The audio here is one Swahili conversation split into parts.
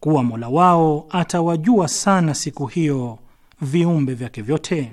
kuwa Mola wao atawajua sana siku hiyo viumbe vyake vyote.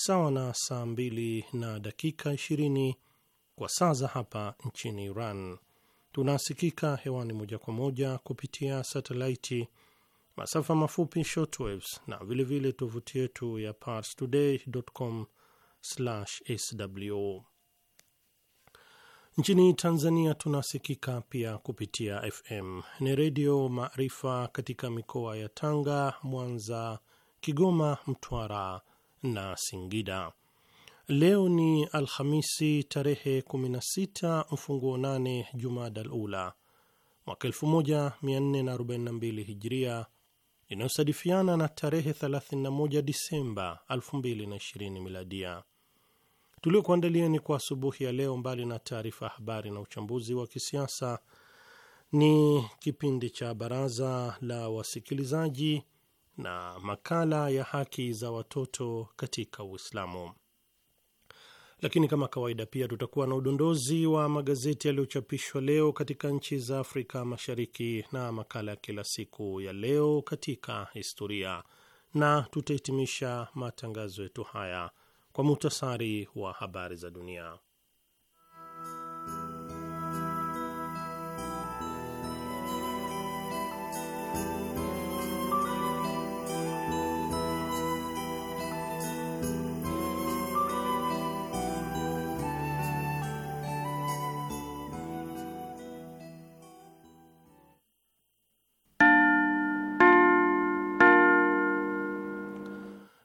sawa na saa mbili na dakika 20 kwa saa za hapa nchini Iran. Tunasikika hewani moja kwa moja kupitia satelaiti, masafa mafupi shortwaves, na vilevile tovuti yetu ya parstoday.com/sw. Nchini Tanzania tunasikika pia kupitia FM ni Redio Maarifa katika mikoa ya Tanga, Mwanza, Kigoma, Mtwara na Singida. Leo ni Alhamisi tarehe 16 mfunguo 8 Jumada al Ula mwaka 1442 Hijria, inayosadifiana na tarehe 31 Disemba 2020 Miladia. Tuliokuandalieni kwa asubuhi ya leo, mbali na taarifa ya habari na uchambuzi wa kisiasa, ni kipindi cha baraza la wasikilizaji na makala ya haki za watoto katika Uislamu. Lakini kama kawaida, pia tutakuwa na udondozi wa magazeti yaliyochapishwa leo katika nchi za Afrika Mashariki na makala ya kila siku ya leo katika historia, na tutahitimisha matangazo yetu haya kwa muhtasari wa habari za dunia.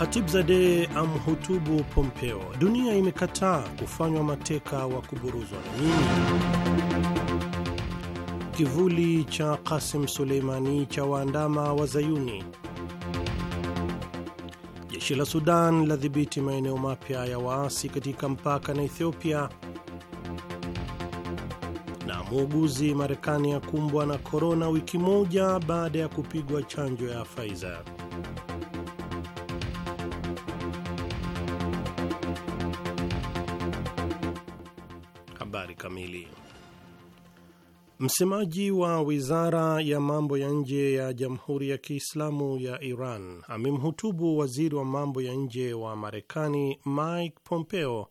Khatibzadeh amhutubu Pompeo, dunia imekataa kufanywa mateka wa kuburuzwa na nini? Kivuli cha kasim Suleimani cha waandama wa zayuni Jeshi la Sudan ladhibiti maeneo mapya ya waasi katika mpaka na Ethiopia. Na muuguzi Marekani akumbwa na korona wiki moja baada ya kupigwa chanjo ya Pfizer. kamili. Msemaji wa wizara ya mambo ya nje ya Jamhuri ya Kiislamu ya Iran amemhutubu waziri wa mambo ya nje wa Marekani Mike Pompeo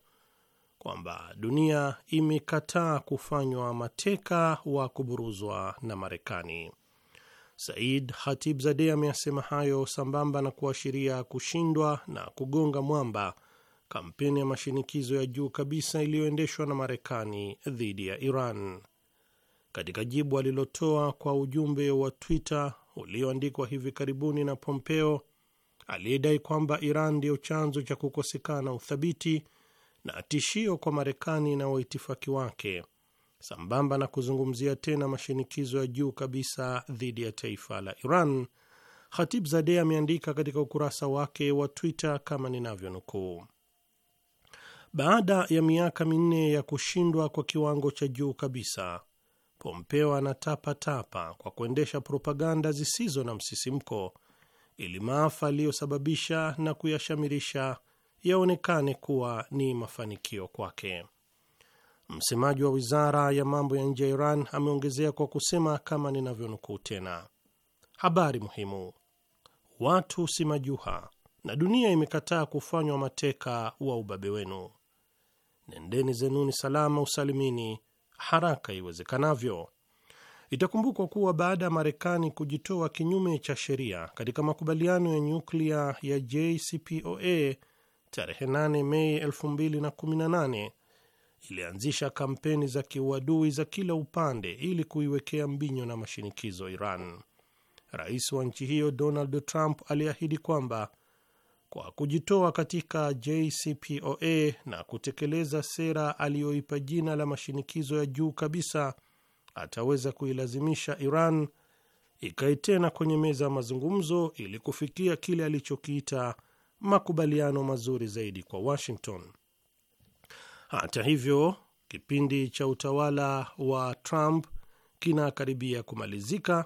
kwamba dunia imekataa kufanywa mateka wa kuburuzwa na Marekani. Said Hatibzadeh ameyasema hayo sambamba na kuashiria kushindwa na kugonga mwamba kampeni ya mashinikizo ya juu kabisa iliyoendeshwa na Marekani dhidi ya Iran. Katika jibu alilotoa kwa ujumbe wa Twitter ulioandikwa hivi karibuni na Pompeo aliyedai kwamba Iran ndiyo chanzo cha kukosekana uthabiti na tishio kwa Marekani na waitifaki wake, sambamba na kuzungumzia tena mashinikizo ya juu kabisa dhidi ya taifa la Iran, zade ameandika katika ukurasa wake wa Twitter kama ninavyonukuu: baada ya miaka minne ya kushindwa kwa kiwango cha juu kabisa, Pompeo anatapatapa kwa kuendesha propaganda zisizo na msisimko ili maafa aliyosababisha na kuyashamirisha yaonekane kuwa ni mafanikio kwake. Msemaji wa wizara ya mambo ya nje ya Iran ameongezea kwa kusema kama ninavyonukuu tena, habari muhimu, watu si majuha na dunia imekataa kufanywa mateka wa ubabe wenu nendeni zenuni salama usalimini haraka iwezekanavyo. Itakumbukwa kuwa baada ya Marekani kujitoa kinyume cha sheria katika makubaliano ya nyuklia ya JCPOA tarehe 8 Mei 2018 ilianzisha kampeni za kiuadui za kila upande ili kuiwekea mbinyo na mashinikizo Iran. Rais wa nchi hiyo Donald Trump aliahidi kwamba kwa kujitoa katika JCPOA na kutekeleza sera aliyoipa jina la mashinikizo ya juu kabisa, ataweza kuilazimisha Iran ikae tena kwenye meza ya mazungumzo ili kufikia kile alichokiita makubaliano mazuri zaidi kwa Washington. Hata hivyo, kipindi cha utawala wa Trump kinakaribia kumalizika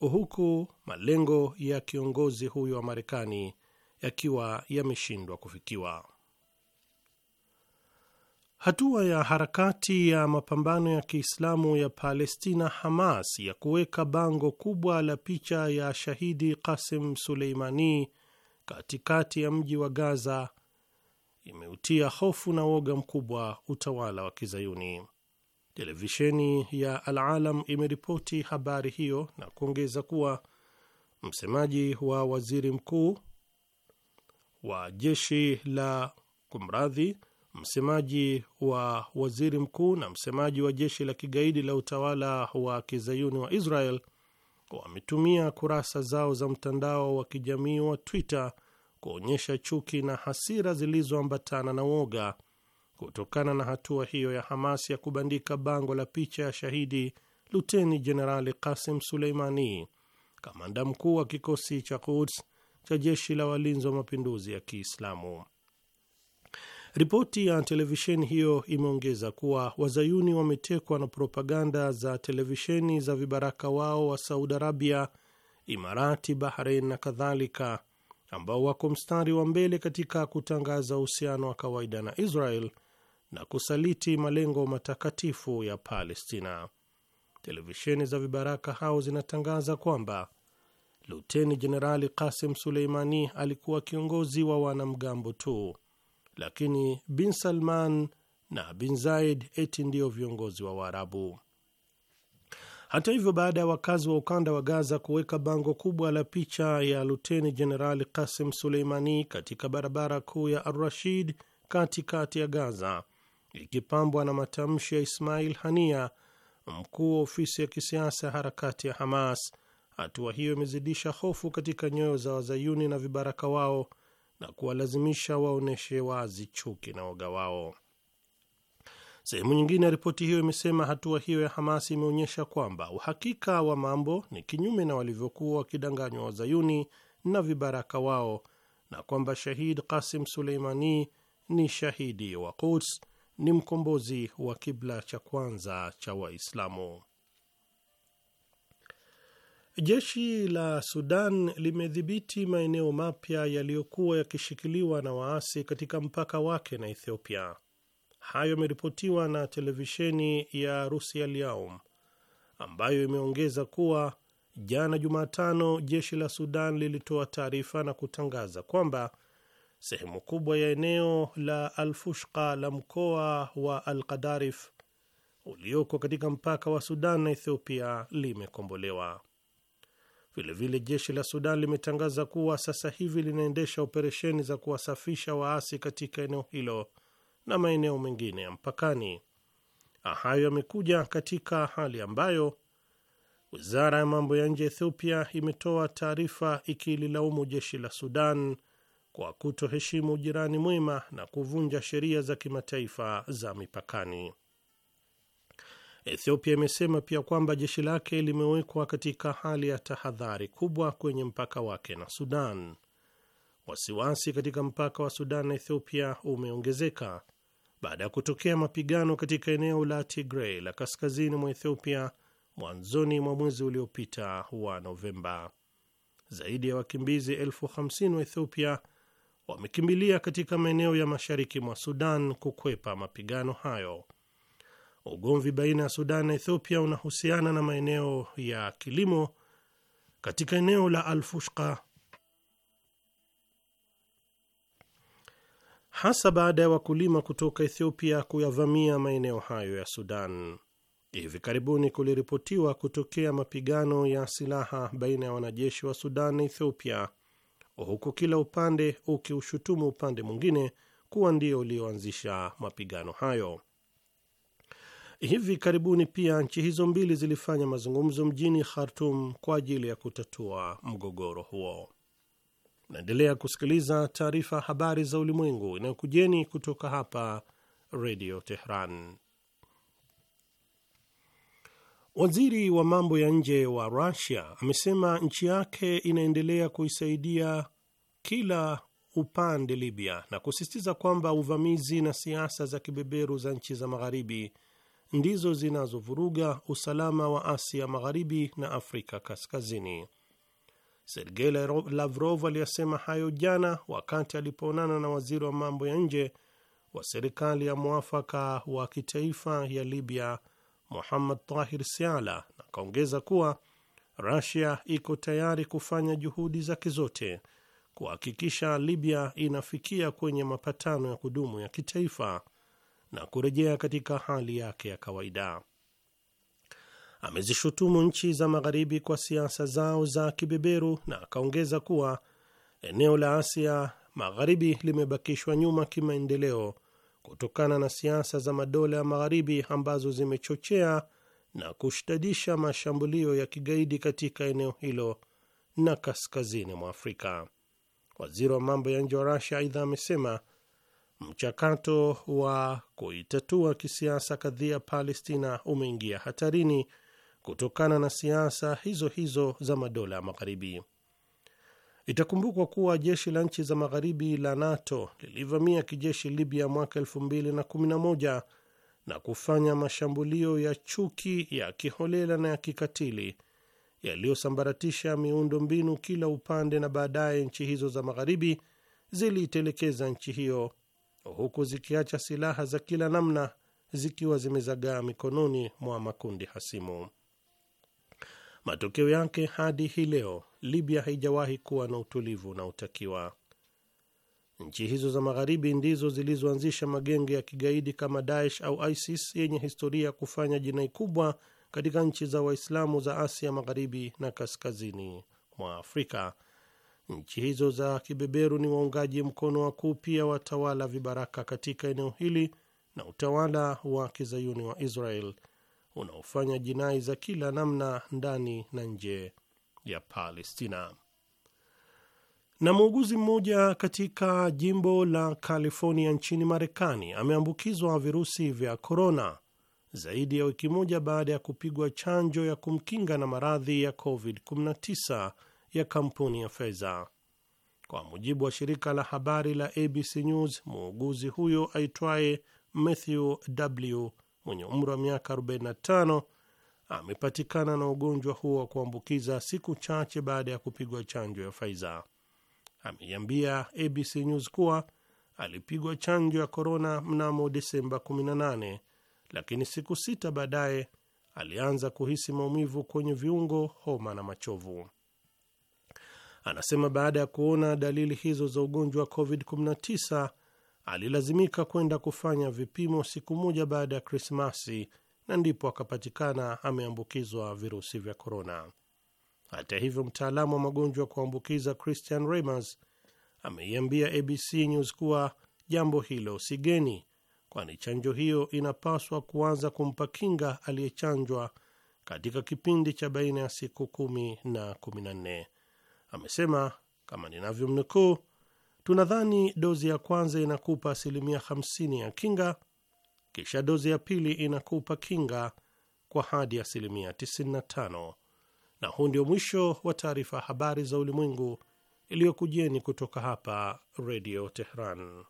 huku malengo ya kiongozi huyo wa Marekani yakiwa yameshindwa kufikiwa. Hatua ya harakati ya mapambano ya Kiislamu ya Palestina Hamas ya kuweka bango kubwa la picha ya shahidi Qasim Suleimani katikati ya mji wa Gaza imeutia hofu na woga mkubwa utawala wa Kizayuni. Televisheni ya Al-Alam imeripoti habari hiyo na kuongeza kuwa msemaji wa waziri mkuu wa jeshi la kumradhi, msemaji wa waziri mkuu na msemaji wa jeshi la kigaidi la utawala wa kizayuni wa Israel wametumia kurasa zao za mtandao wa kijamii wa Twitter kuonyesha chuki na hasira zilizoambatana na woga kutokana na hatua hiyo ya Hamas ya kubandika bango la picha ya shahidi Luteni Jenerali Kasim Suleimani, kamanda mkuu wa kikosi cha Quds cha jeshi la walinzi wa mapinduzi ya Kiislamu. Ripoti ya televisheni hiyo imeongeza kuwa wazayuni wametekwa na propaganda za televisheni za vibaraka wao wa Saudi Arabia, Imarati, Bahrein na kadhalika, ambao wako mstari wa mbele katika kutangaza uhusiano wa kawaida na Israel na kusaliti malengo matakatifu ya Palestina. Televisheni za vibaraka hao zinatangaza kwamba Luteni Jenerali Kasim Suleimani alikuwa kiongozi wa wanamgambo tu, lakini bin Salman na bin Zaid eti ndio viongozi wa Waarabu. Hata hivyo, baada ya wakazi wa ukanda wa Gaza kuweka bango kubwa la picha ya Luteni Jenerali Kasim Suleimani katika barabara kuu ya Arrashid katikati ya Gaza, ikipambwa na matamshi ya Ismail Hania, mkuu wa ofisi ya kisiasa ya harakati ya Hamas Hatua hiyo imezidisha hofu katika nyoyo za wazayuni na vibaraka wao na kuwalazimisha waonyeshe wazi chuki na woga wao. Sehemu nyingine ya ripoti hiyo imesema hatua hiyo ya Hamas imeonyesha kwamba uhakika wa mambo ni kinyume na walivyokuwa wakidanganywa wazayuni na vibaraka wao na kwamba Shahid Qasim Suleimani ni shahidi wa Quds, ni mkombozi wa kibla cha kwanza cha Waislamu. Jeshi la Sudan limedhibiti maeneo mapya yaliyokuwa yakishikiliwa na waasi katika mpaka wake na Ethiopia. Hayo yameripotiwa na televisheni ya Rusia al ambayo imeongeza kuwa jana Jumatano, jeshi la Sudan lilitoa taarifa na kutangaza kwamba sehemu kubwa ya eneo la alfushka la mkoa wa Al-Qadarif ulioko katika mpaka wa Sudan na Ethiopia limekombolewa. Vilevile jeshi la Sudan limetangaza kuwa sasa hivi linaendesha operesheni za kuwasafisha waasi katika eneo hilo na maeneo mengine ya mpakani. Hayo yamekuja katika hali ambayo wizara ya mambo ya nje ya Ethiopia imetoa taarifa ikililaumu jeshi la Sudan kwa kutoheshimu jirani mwema na kuvunja sheria za kimataifa za mipakani. Ethiopia imesema pia kwamba jeshi lake limewekwa katika hali ya tahadhari kubwa kwenye mpaka wake na Sudan. Wasiwasi katika mpaka wa Sudan na Ethiopia umeongezeka baada ya kutokea mapigano katika eneo la Tigray la kaskazini mwa Ethiopia mwanzoni mwa mwezi uliopita wa Novemba. Zaidi ya wakimbizi elfu hamsini wa Ethiopia wamekimbilia katika maeneo ya mashariki mwa Sudan kukwepa mapigano hayo. Ugomvi baina ya Sudan na Ethiopia unahusiana na maeneo ya kilimo katika eneo la Alfushka, hasa baada ya wakulima kutoka Ethiopia kuyavamia maeneo hayo ya Sudan. Hivi karibuni kuliripotiwa kutokea mapigano ya silaha baina ya wanajeshi wa Sudan na Ethiopia, huku kila upande ukiushutumu upande mwingine kuwa ndio ulioanzisha mapigano hayo. Hivi karibuni pia nchi hizo mbili zilifanya mazungumzo mjini Khartum kwa ajili ya kutatua mgogoro huo. Naendelea kusikiliza taarifa habari za ulimwengu inayokujeni kutoka hapa Redio Tehran. Waziri wa mambo ya nje wa Rusia amesema nchi yake inaendelea kuisaidia kila upande Libya na kusisitiza kwamba uvamizi na siasa za kibeberu za nchi za magharibi ndizo zinazovuruga usalama wa Asia Magharibi na Afrika Kaskazini. Sergei Lavrov aliyasema hayo jana wakati alipoonana na waziri wa mambo ya nje wa serikali ya mwafaka wa kitaifa ya Libya, Muhammad Tahir Siala, na akaongeza kuwa rasia iko tayari kufanya juhudi zake zote kuhakikisha Libya inafikia kwenye mapatano ya kudumu ya kitaifa na kurejea katika hali yake ya kawaida. Amezishutumu nchi za Magharibi kwa siasa zao za kibeberu na akaongeza kuwa eneo la Asia Magharibi limebakishwa nyuma kimaendeleo kutokana na siasa za madola ya Magharibi ambazo zimechochea na kushtadisha mashambulio ya kigaidi katika eneo hilo na kaskazini mwa Afrika. Waziri wa mambo ya nje wa Rasia aidha amesema mchakato wa kuitatua kisiasa kadhia Palestina umeingia hatarini kutokana na siasa hizo hizo za madola ya Magharibi. Itakumbukwa kuwa jeshi la nchi za magharibi la NATO lilivamia kijeshi Libya mwaka 2011 na kufanya mashambulio ya chuki ya kiholela na ya kikatili yaliyosambaratisha miundo mbinu kila upande, na baadaye nchi hizo za magharibi ziliitelekeza nchi hiyo huku zikiacha silaha za kila namna zikiwa zimezagaa mikononi mwa makundi hasimu. Matokeo yake hadi hii leo Libya haijawahi kuwa na utulivu unaotakiwa. Nchi hizo za magharibi ndizo zilizoanzisha magenge ya kigaidi kama Daesh au ISIS yenye historia ya kufanya jinai kubwa katika nchi za Waislamu za Asia magharibi na kaskazini mwa Afrika Nchi hizo za kibeberu ni waungaji mkono wakuu pia watawala vibaraka katika eneo hili na utawala wa kizayuni wa Israel unaofanya jinai za kila namna ndani na nje ya Palestina. Na muuguzi mmoja katika jimbo la California nchini Marekani ameambukizwa virusi vya korona zaidi ya wiki moja baada ya kupigwa chanjo ya kumkinga na maradhi ya COVID-19 ya kampuni ya fedha. Kwa mujibu wa shirika la habari la ABC News, muuguzi huyo aitwaye Matthew W mwenye umri wa miaka 45 amepatikana na ugonjwa huo wa kuambukiza siku chache baada ya kupigwa chanjo ya Pfizer. Ameiambia ABC News kuwa alipigwa chanjo ya korona mnamo Desemba 18, lakini siku sita baadaye alianza kuhisi maumivu kwenye viungo, homa na machovu. Anasema baada ya kuona dalili hizo za ugonjwa wa COVID-19 alilazimika kwenda kufanya vipimo siku moja baada ya Krismasi na ndipo akapatikana ameambukizwa virusi vya korona. Hata hivyo, mtaalamu wa magonjwa ya kuambukiza Christian Reimers ameiambia ABC News kuwa jambo hilo si geni, kwani chanjo hiyo inapaswa kuanza kumpa kinga aliyechanjwa katika kipindi cha baina ya siku kumi na kumi na nne amesema kama ninavyomnukuu, tunadhani dozi ya kwanza inakupa asilimia 50 ya kinga, kisha dozi ya pili inakupa kinga kwa hadi asilimia 95. Na huu ndio mwisho wa taarifa ya habari za ulimwengu iliyokujeni kutoka hapa Redio Tehran.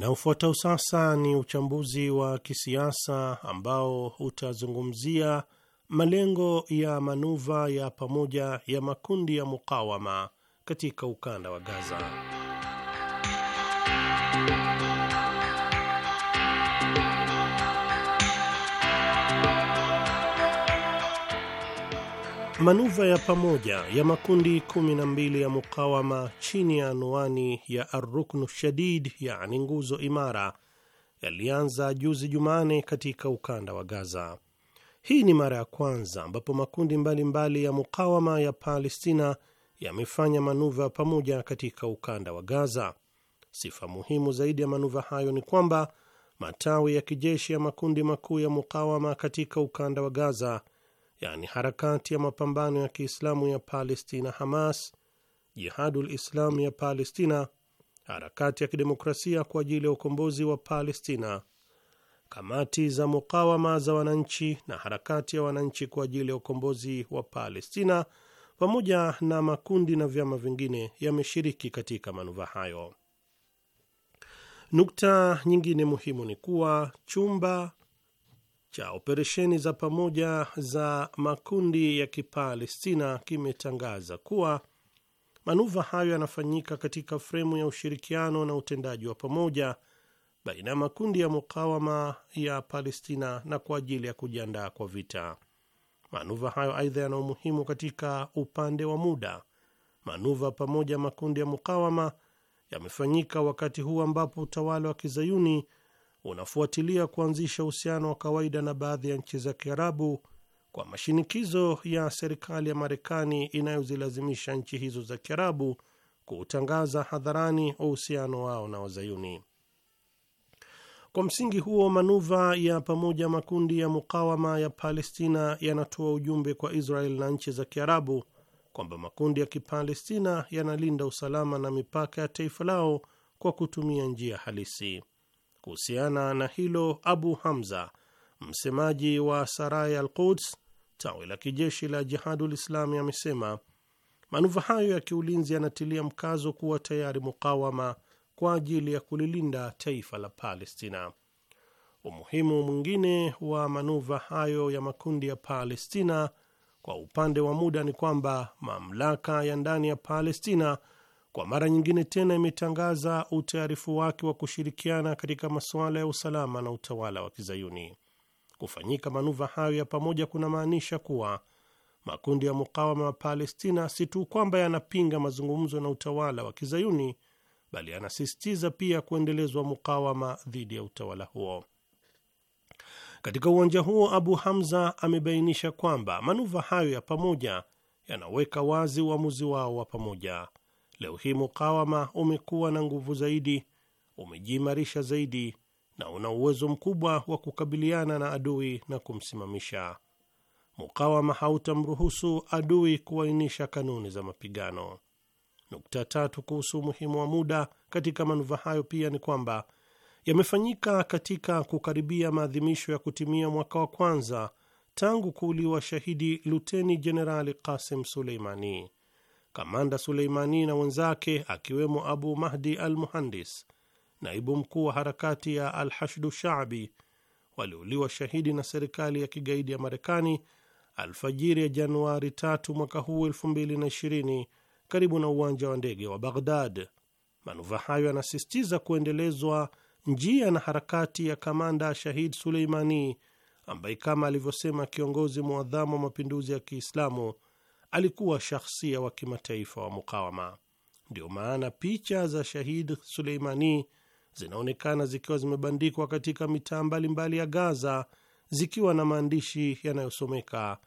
Na ufuatao sasa ni uchambuzi wa kisiasa ambao utazungumzia malengo ya manuva ya pamoja ya makundi ya mukawama katika ukanda wa Gaza. Manuva ya pamoja ya makundi 12 ya mukawama chini ya anwani ya Arruknu Shadid, yani nguzo imara, yalianza juzi Jumane katika ukanda wa Gaza. Hii ni mara ya kwanza ambapo makundi mbalimbali mbali ya mukawama ya Palestina yamefanya manuva ya pamoja katika ukanda wa Gaza. Sifa muhimu zaidi ya manuva hayo ni kwamba matawi ya kijeshi ya makundi makuu ya mukawama katika ukanda wa Gaza yaani harakati ya mapambano ya Kiislamu ya Palestina Hamas, Jihadul Islam ya Palestina, harakati ya kidemokrasia kwa ajili ya ukombozi wa Palestina, kamati za mukawama za wananchi na harakati ya wananchi kwa ajili ya ukombozi wa Palestina pamoja na makundi na vyama vingine yameshiriki katika manuva hayo. Nukta nyingine muhimu ni kuwa chumba cha operesheni za pamoja za makundi ya Kipalestina kimetangaza kuwa manuva hayo yanafanyika katika fremu ya ushirikiano na utendaji wa pamoja baina ya makundi ya mukawama ya Palestina na kwa ajili ya kujiandaa kwa vita. Manuva hayo aidha yana umuhimu katika upande wa muda. Manuva pamoja makundi ya mukawama yamefanyika wakati huu ambapo utawala wa kizayuni unafuatilia kuanzisha uhusiano wa kawaida na baadhi ya nchi za Kiarabu kwa mashinikizo ya serikali ya Marekani inayozilazimisha nchi hizo za Kiarabu kutangaza hadharani uhusiano wao na Wazayuni. Kwa msingi huo, manuva ya pamoja makundi ya mukawama ya Palestina yanatoa ujumbe kwa Israel na nchi za Kiarabu kwamba makundi ya Kipalestina yanalinda usalama na mipaka ya taifa lao kwa kutumia njia halisi. Kuhusiana na hilo, Abu Hamza, msemaji wa Saraya al Quds, tawi la kijeshi la Jihadul Islami, amesema manuva hayo ya kiulinzi yanatilia mkazo kuwa tayari mukawama kwa ajili ya kulilinda taifa la Palestina. Umuhimu mwingine wa manuva hayo ya makundi ya Palestina kwa upande wa muda ni kwamba mamlaka ya ndani ya Palestina kwa mara nyingine tena imetangaza utayarifu wake wa kushirikiana katika masuala ya usalama na utawala wa Kizayuni. Kufanyika manuva hayo ya pamoja kunamaanisha kuwa makundi ya mukawama wa Palestina si tu kwamba yanapinga mazungumzo na utawala wa Kizayuni, bali yanasisitiza pia kuendelezwa mukawama dhidi ya utawala huo. Katika uwanja huo, Abu Hamza amebainisha kwamba manuva hayo ya pamoja yanaweka wazi uamuzi wao wa pamoja Leo hii mukawama umekuwa na nguvu zaidi, umejiimarisha zaidi na una uwezo mkubwa wa kukabiliana na adui na kumsimamisha. Mukawama hautamruhusu adui kuainisha kanuni za mapigano. Nukta tatu kuhusu umuhimu wa muda katika manuva hayo pia ni kwamba yamefanyika katika kukaribia maadhimisho ya kutimia mwaka wa kwanza tangu kuuliwa shahidi Luteni Jenerali kasim Suleimani, kamanda Suleimani na wenzake akiwemo Abu Mahdi al Muhandis, naibu mkuu wa harakati ya Al Hashdu Shaabi, waliuliwa shahidi na serikali ya kigaidi ya Marekani alfajiri ya Januari 3 mwaka huu 2020 karibu na uwanja wa ndege wa Baghdad. Manuva hayo yanasisitiza kuendelezwa njia na harakati ya kamanda Shahid Suleimani ambaye kama alivyosema kiongozi mwadhamu wa mapinduzi ya Kiislamu alikuwa shahsia wa kimataifa wa mukawama. Ndio maana picha za Shahid Suleimani zinaonekana zikiwa zimebandikwa katika mitaa mbalimbali ya Gaza zikiwa na maandishi yanayosomeka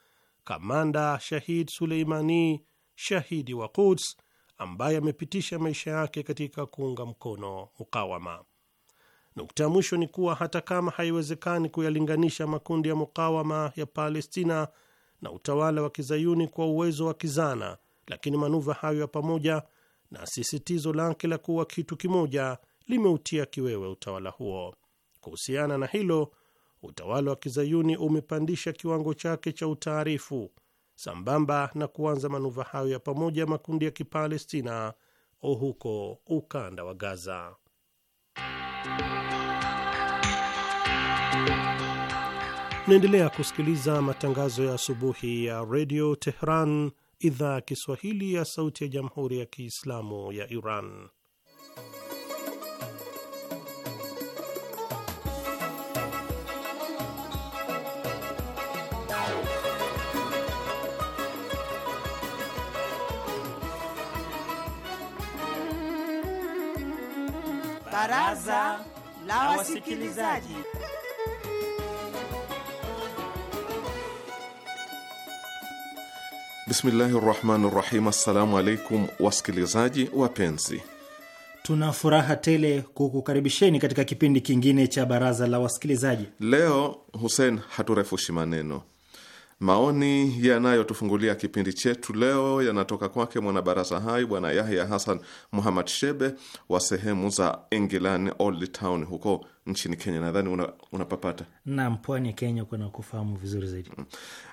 Kamanda Shahid Suleimani, shahidi wa Quds, ambaye amepitisha maisha yake katika kuunga mkono mukawama. Nukta ya mwisho ni kuwa hata kama haiwezekani kuyalinganisha makundi ya mukawama ya Palestina na utawala wa kizayuni kwa uwezo wa kizana, lakini manuva hayo ya pamoja na sisitizo lake la kuwa kitu kimoja limeutia kiwewe utawala huo. Kuhusiana na hilo, utawala wa kizayuni umepandisha kiwango chake cha utaarifu sambamba na kuanza manuva hayo ya pamoja makundi ya Kipalestina huko ukanda wa Gaza. Mnaendelea kusikiliza matangazo ya asubuhi ya redio Tehran, idhaa ya Kiswahili ya sauti ya jamhuri ya Kiislamu ya Iran. Baraza la Wasikilizaji. Bismillahi rahmani rahim. Assalamu alaikum wasikilizaji wapenzi, tuna furaha tele kukukaribisheni katika kipindi kingine cha baraza la wasikilizaji. Leo Husein, haturefushi maneno. Maoni yanayotufungulia kipindi chetu leo yanatoka kwake mwanabaraza hai Bwana Yahya Hasan Muhammad Shebe wa sehemu za England Old Town huko nchini Kenya. Nadhani unapapata una nam pwani ya Kenya kuna kufahamu vizuri zaidi. Mm.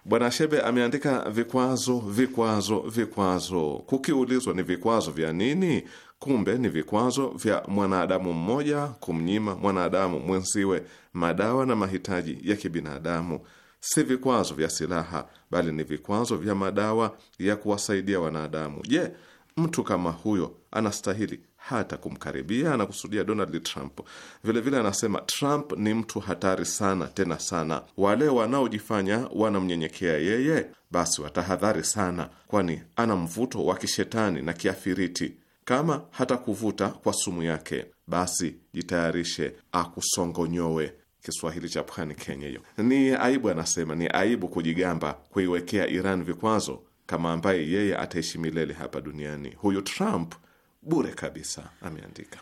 Bwana Shebe ameandika vikwazo, vikwazo, vikwazo. Kukiulizwa ni vikwazo vya nini? Kumbe ni vikwazo vya mwanadamu mmoja kumnyima mwanadamu mwenziwe madawa na mahitaji ya kibinadamu. Si vikwazo vya silaha, bali ni vikwazo vya madawa ya kuwasaidia wanadamu. Je, mtu kama huyo anastahili hata kumkaribia, anakusudia Donald Trump. Vilevile vile anasema Trump ni mtu hatari sana, tena sana. Wale wanaojifanya wanamnyenyekea yeye, basi watahadhari sana, kwani ana mvuto wa kishetani na kiafiriti. Kama hatakuvuta kwa sumu yake, basi jitayarishe akusongonyowe. Kiswahili cha pwani Kenya. Hiyo ni aibu, anasema ni aibu kujigamba kuiwekea Iran vikwazo kama ambaye yeye ataishi milele hapa duniani. Huyu Trump bure kabisa, ameandika.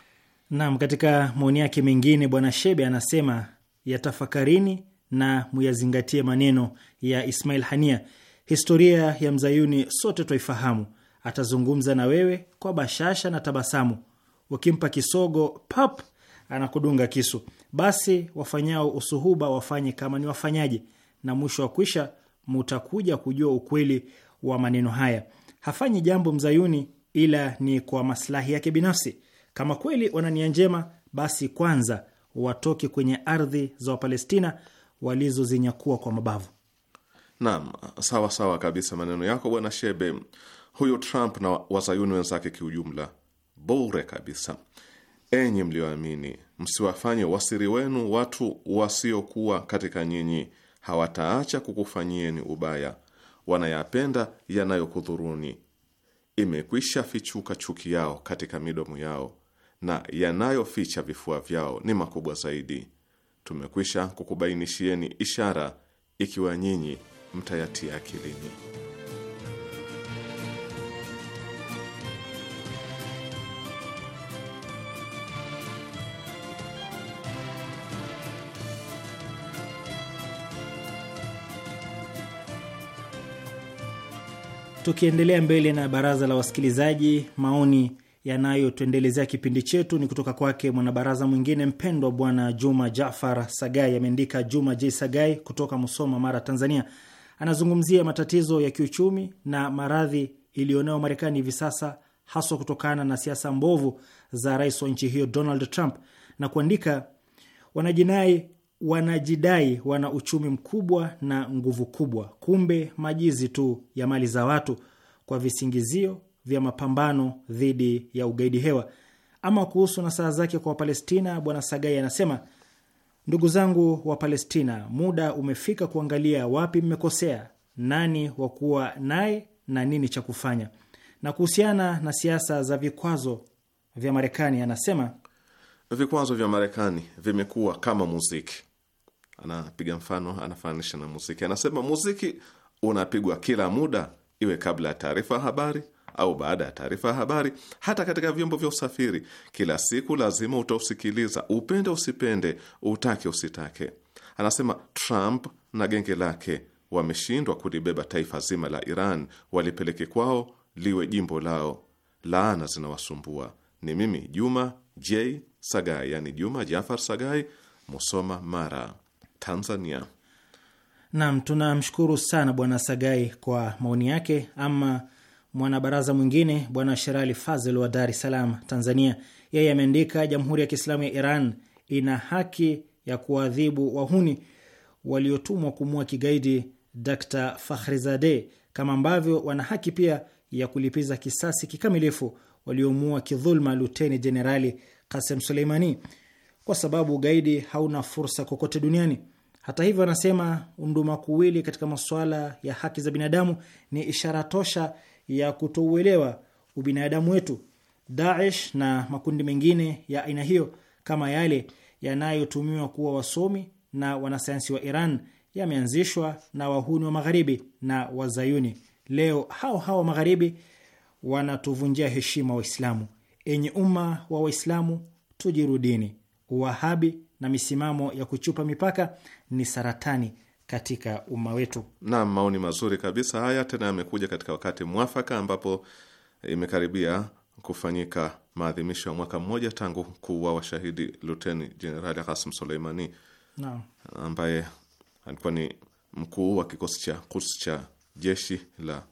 Naam, katika maoni yake mengine, Bwana Shebe anasema yatafakarini na muyazingatie maneno ya Ismail Hania. Historia ya mzayuni sote twaifahamu, atazungumza na wewe kwa bashasha na tabasamu. Ukimpa kisogo pap, anakudunga kisu. Basi wafanyao usuhuba wafanye kama ni wafanyaji, na mwisho wa kwisha mutakuja kujua ukweli wa maneno haya. Hafanyi jambo mzayuni ila ni kwa maslahi yake binafsi. Kama kweli wana nia njema, basi kwanza watoke kwenye ardhi za Wapalestina walizozinyakua kwa mabavu. Naam, sawa sawa kabisa maneno yako bwana Shebe. Huyu Trump na wazayuni wenzake kiujumla, bure kabisa. Enyi mlioamini, msiwafanye wasiri wenu watu wasiokuwa katika nyinyi, hawataacha kukufanyieni ubaya, wanayapenda yanayokudhuruni imekwisha fichuka chuki yao katika midomo yao, na yanayoficha vifua vyao ni makubwa zaidi. Tumekwisha kukubainishieni ishara, ikiwa nyinyi mtayatia akilini. Tukiendelea mbele na baraza la wasikilizaji, maoni yanayotuendelezea kipindi chetu ni kutoka kwake mwanabaraza mwingine mpendwa, Bwana Juma Jafar Sagai. Ameandika Juma J Sagai kutoka Musoma, Mara, Tanzania. Anazungumzia matatizo ya kiuchumi na maradhi iliyonayo Marekani hivi sasa, haswa kutokana na siasa mbovu za rais wa nchi hiyo Donald Trump, na kuandika wanajinai wanajidai wana uchumi mkubwa na nguvu kubwa, kumbe majizi tu ya mali za watu kwa visingizio vya mapambano dhidi ya ugaidi hewa. Ama kuhusu nasaha zake kwa Wapalestina, Bwana Sagai anasema ndugu zangu wa Palestina, muda umefika kuangalia wapi mmekosea, nani wa kuwa naye na nini cha kufanya. Na kuhusiana na siasa za vikwazo vya Marekani anasema vikwazo vya Marekani vimekuwa kama muziki anapiga mfano, anafananisha na muziki. Anasema muziki unapigwa kila muda, iwe kabla ya taarifa ya habari au baada ya taarifa ya habari, hata katika vyombo vya usafiri. Kila siku lazima utausikiliza, upende usipende, utake usitake. Anasema Trump na genge lake wameshindwa kulibeba taifa zima la Iran, walipeleke kwao, liwe jimbo lao. Laana zinawasumbua. Ni mimi Juma J Sagai, yani Juma Jafar Sagai, Musoma, Mara. Tanzania. Naam, tunamshukuru sana Bwana Sagai kwa maoni yake. Ama mwanabaraza mwingine Bwana Sherali Fazel wa Dar es Salaam, Tanzania, yeye ameandika, Jamhuri ya Kiislamu ya Iran ina haki ya kuwaadhibu wahuni waliotumwa kumua kigaidi Dr Fakhrizade kama ambavyo wana haki pia ya kulipiza kisasi kikamilifu waliomua kidhulma Luteni Jenerali Kasem Suleimani kwa sababu ugaidi hauna fursa kokote duniani. Hata hivyo, anasema undumakuwili katika masuala ya haki za binadamu ni ishara tosha ya kutouelewa ubinadamu wetu. Daesh na makundi mengine ya aina hiyo kama yale yanayotumiwa kuwa wasomi na wanasayansi wa Iran yameanzishwa na wahuni wa magharibi na wazayuni. Leo hao hao magharibi wanatuvunjia heshima Waislamu. enye umma wa Waislamu, tujirudini uwahabi na misimamo ya kuchupa mipaka ni saratani katika umma wetu. Naam, maoni mazuri kabisa haya, tena yamekuja katika wakati mwafaka ambapo imekaribia kufanyika maadhimisho ya mwaka mmoja tangu kuwa washahidi Luteni Jenerali Kasim Suleimani ambaye alikuwa ni mkuu wa kikosi cha Quds cha jeshi la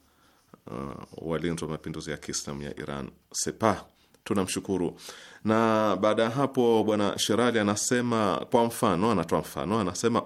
uh, walinzi wa mapinduzi ya Kiislamu ya Iran Sepah tunamshukuru. Na baada ya hapo, bwana Sherali anasema kwa mfano, anatoa mfano, anasema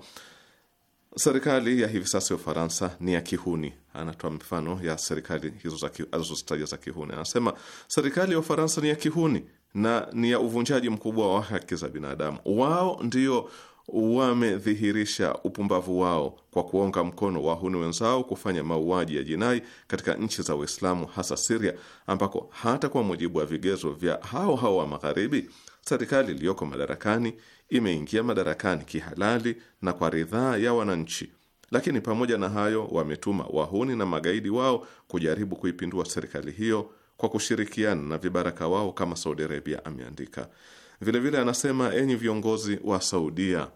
serikali ya hivi sasa ya Ufaransa ni ya kihuni. Anatoa mfano ya serikali hizo alizozitaja za kihuni, anasema serikali ya Ufaransa ni ya kihuni na ni ya uvunjaji mkubwa wa haki za binadamu. Wao ndio wamedhihirisha upumbavu wao kwa kuunga mkono wahuni wenzao kufanya mauaji ya jinai katika nchi za Uislamu, hasa Siria, ambako hata kwa mujibu wa vigezo vya hao hao wa Magharibi, serikali iliyoko madarakani imeingia madarakani kihalali na kwa ridhaa ya wananchi. Lakini pamoja na hayo, wametuma wahuni na magaidi wao kujaribu kuipindua serikali hiyo kwa kushirikiana na vibaraka wao kama Saudi Arabia, ameandika. Vilevile anasema, enyi viongozi wa Saudia,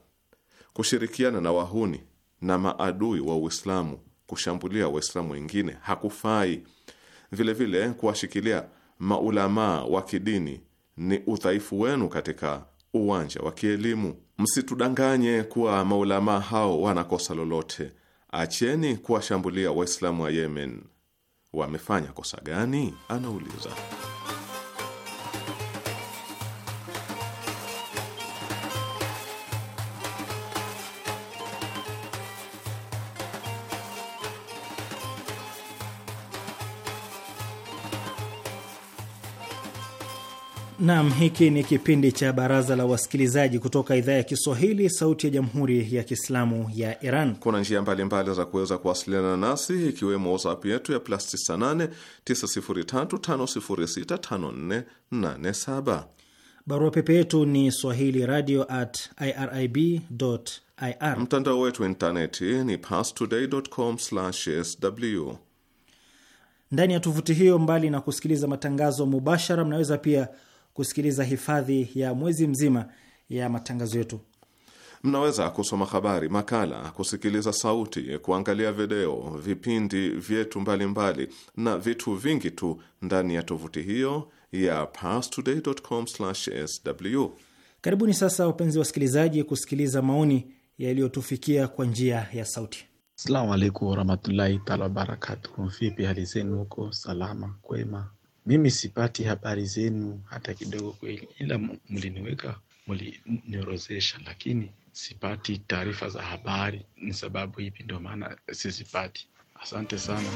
kushirikiana na wahuni na maadui wa Uislamu kushambulia Waislamu wengine hakufai. Vilevile, kuwashikilia maulamaa wa kidini ni udhaifu wenu katika uwanja wa kielimu. Msitudanganye kuwa maulamaa hao wanakosa lolote. Acheni kuwashambulia Waislamu wa Yemen. Wamefanya kosa gani? Anauliza. Naam, hiki ni kipindi cha Baraza la Wasikilizaji kutoka idhaa ya Kiswahili, Sauti ya Jamhuri ya Kiislamu ya Iran. Kuna njia mbalimbali za kuweza kuwasiliana nasi, ikiwemo WhatsApp yetu ya plus 989035065487. Barua pepe yetu ni swahili radio at irib ir. Mtandao wetu wa intaneti ni pastoday.com sw ndani ya tovuti hiyo, mbali na kusikiliza matangazo mubashara, mnaweza pia kusikiliza hifadhi ya mwezi mzima ya matangazo yetu. Mnaweza kusoma habari, makala, kusikiliza sauti, kuangalia video, vipindi vyetu mbalimbali na vitu vingi tu ndani ya tovuti hiyo ya parstoday.com/sw. Karibuni sasa, wapenzi wasikilizaji, kusikiliza maoni yaliyotufikia kwa njia ya sauti. Asalamu alaikum warahmatullahi taala wabarakatuh. Vipi hali zenu huko, salama kwema? Mimi sipati habari zenu hata kidogo kweli, ila mliniweka mliniorozesha, lakini sipati taarifa za habari. Ni sababu ipi ndio maana sisipati? Asante sana.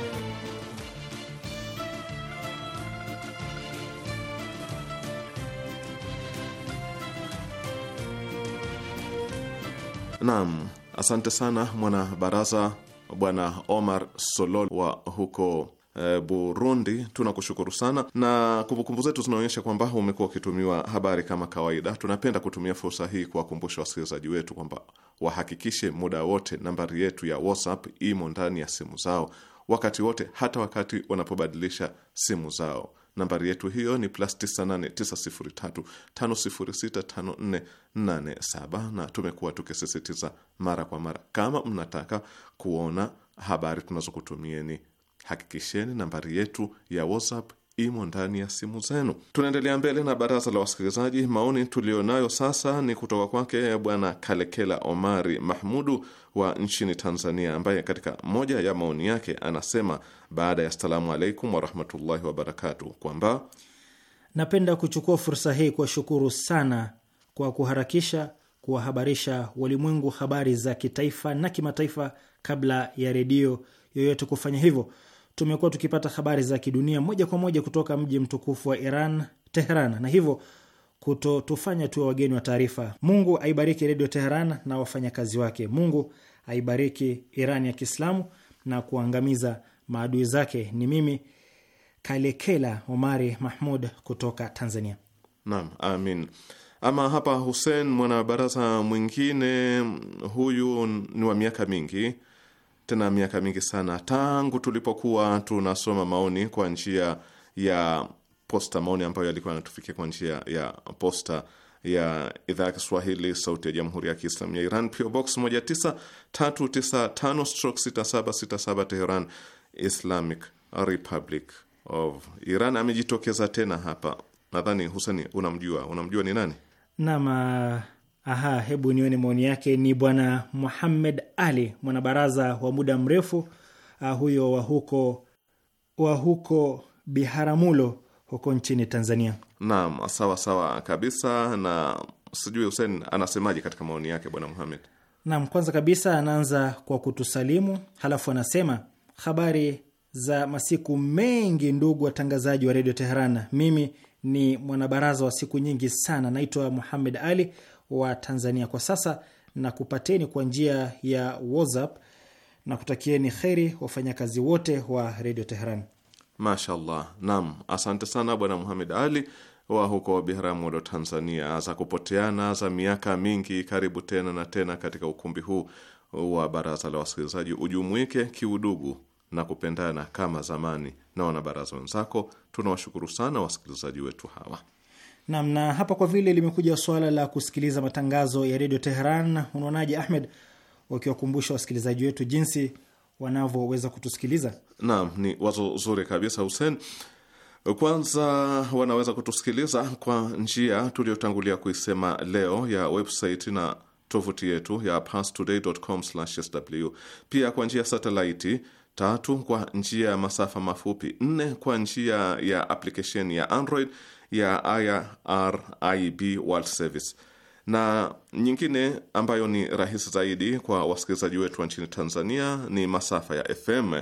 Naam, asante sana mwana baraza Bwana Omar Solol wa huko Eh, Burundi. Tunakushukuru sana, na kumbukumbu zetu zinaonyesha kwamba umekuwa ukitumiwa habari kama kawaida. Tunapenda kutumia fursa hii kuwakumbusha wasikilizaji wetu kwamba wahakikishe muda wote nambari yetu ya WhatsApp imo ndani ya simu zao wakati wote, hata wakati wanapobadilisha simu zao. Nambari yetu hiyo ni plus 989035065487 na tumekuwa tukisisitiza mara kwa mara, kama mnataka kuona habari tunazokutumieni hakikisheni nambari yetu ya WhatsApp imo ndani ya simu zenu. Tunaendelea mbele na baraza la wasikilizaji. Maoni tuliyonayo sasa ni kutoka kwake Bwana Kalekela Omari Mahmudu wa nchini Tanzania, ambaye katika moja ya maoni yake anasema baada ya assalamu alaikum warahmatullahi wabarakatu kwamba napenda kuchukua fursa hii kuwashukuru sana kwa kuharakisha kuwahabarisha walimwengu habari za kitaifa na kimataifa kabla ya redio yoyote kufanya hivyo tumekuwa tukipata habari za kidunia moja kwa moja kutoka mji mtukufu wa Iran, Teheran, na hivyo kutotufanya tuwe wageni wa taarifa. Mungu aibariki Redio Teheran na wafanyakazi wake. Mungu aibariki Iran ya Kiislamu na kuangamiza maadui zake. Ni mimi Kalekela Omari Mahmud kutoka Tanzania. Naam, amin. Ama hapa Hussein, mwanabaraza mwingine huyu ni wa miaka mingi tena miaka mingi sana tangu tulipokuwa tunasoma maoni kwa njia ya posta, maoni ambayo yalikuwa yanatufikia kwa njia ya posta ya idhaa ya Kiswahili sauti ya jamhuri ya Kiislamu ya Iran, PO Box 19395 stroke 6767 Teheran, Islamic Republic of Iran. Amejitokeza tena hapa, nadhani Huseni unamjua, unamjua ni nani? Naam. Aha, hebu nione maoni yake. Ni bwana Muhammed Ali, mwanabaraza wa muda mrefu uh, huyo wa huko wa huko Biharamulo huko nchini Tanzania. Naam, sawa sawa kabisa. Na sijui Hussein anasemaje katika maoni yake bwana Muhammad? Naam, kwanza kabisa anaanza kwa kutusalimu, halafu anasema habari za masiku mengi, ndugu watangazaji wa redio Teheran. Mimi ni mwanabaraza wa siku nyingi sana, naitwa Muhammad Ali wa Tanzania kwa sasa na kupateni kwa njia ya WhatsApp na kutakieni kheri wafanyakazi wote wa redio Teheran. Mashallah, nam, asante sana Bwana Muhamed Ali wa huko Biharamulo, Tanzania, za kupoteana za miaka mingi. Karibu tena na tena katika ukumbi huu wa baraza la wasikilizaji, ujumuike kiudugu na kupendana kama zamani na wanabaraza wenzako. Tunawashukuru sana wasikilizaji wetu hawa. Nam, na hapa kwa vile limekuja suala la kusikiliza matangazo ya redio Teheran, unaonaje Ahmed, wakiwakumbusha wasikilizaji wetu jinsi wanavyoweza kutusikiliza? Naam, ni wazo zuri kabisa Hussein. Kwanza wanaweza kutusikiliza kwa njia tuliyotangulia kuisema leo ya website na tovuti yetu ya parstoday.com/sw, pia kwa njia satelaiti tatu, kwa njia ya masafa mafupi nne, kwa njia ya aplikesheni ya Android ya IRIB World Service na nyingine ambayo ni rahisi zaidi kwa wasikilizaji wetu wa nchini Tanzania ni masafa ya FM.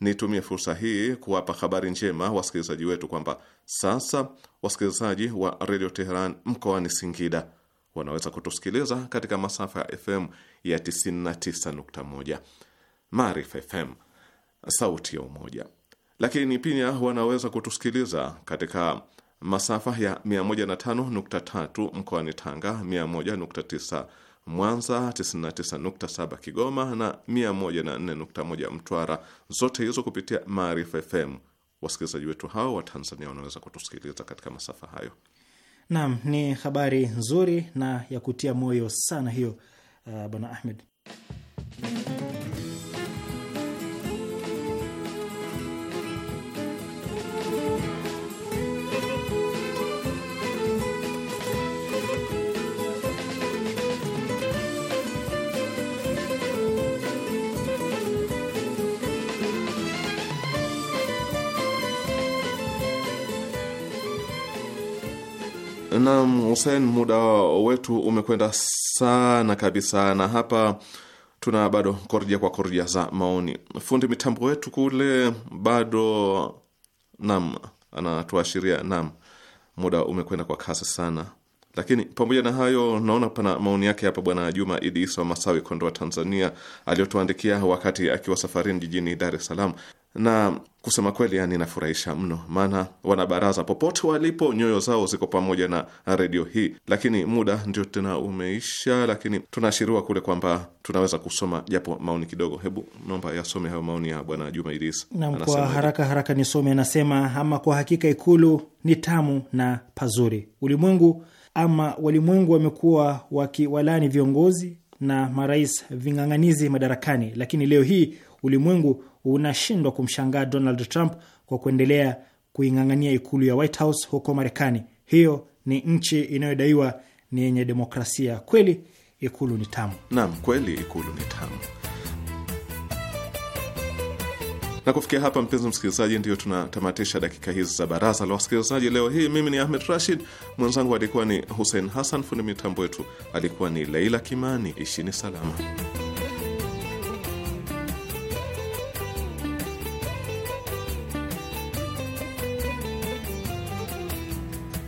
Nitumie fursa hii kuwapa habari njema wasikilizaji wetu kwamba sasa wasikilizaji wa redio Teheran mkoani Singida wanaweza kutusikiliza katika masafa ya FM ya 99.1 Maarifa FM, sauti ya Umoja, lakini pia wanaweza kutusikiliza katika masafa ya 105.3 mkoani Tanga, 101.9 Mwanza, 99.7 Kigoma na 104.1 Mtwara, zote hizo kupitia Maarifa FM. Wasikilizaji wetu hao wa Tanzania wanaweza kutusikiliza katika masafa hayo. Naam, ni habari nzuri na ya kutia moyo sana hiyo, uh, Bwana Ahmed. Naam Hussein, muda wetu umekwenda sana kabisa, na hapa tuna bado korja kwa korja za maoni. Fundi mitambo wetu kule bado, naam, anatuashiria naam, muda umekwenda kwa kasi sana, lakini pamoja na hayo, naona pana maoni yake hapa, Bwana Juma Idi Isa wa Masawi, Kondoa, Tanzania, aliyotuandikia wakati akiwa safarini jijini Dar es Salaam na kusema kweli, yani inafurahisha mno, maana wanabaraza popote walipo nyoyo zao ziko pamoja na redio hii. Lakini muda ndio tena umeisha, lakini tunaashiriwa kule kwamba tunaweza kusoma japo maoni kidogo. Hebu naomba yasome hayo maoni ya Bwana Juma Idris. Naam, kwa haraka haraka nisome. Anasema, ama kwa hakika Ikulu ni tamu na pazuri. Ulimwengu ama walimwengu wamekuwa wakiwalani viongozi na marais ving'ang'anizi madarakani, lakini leo hii ulimwengu unashindwa kumshangaa Donald Trump kwa kuendelea kuing'ang'ania ikulu ya White House huko Marekani. Hiyo ni nchi inayodaiwa ni yenye demokrasia kweli. Ikulu ni tamu. Naam, kweli ikulu ni tamu. Na kufikia hapa, mpenzi msikilizaji, ndiyo tunatamatisha dakika hizi za baraza la wasikilizaji leo hii. Mimi ni Ahmed Rashid, mwenzangu alikuwa ni Hussein Hassan, fundi mitambo wetu alikuwa ni Leila Kimani. Ishini salama.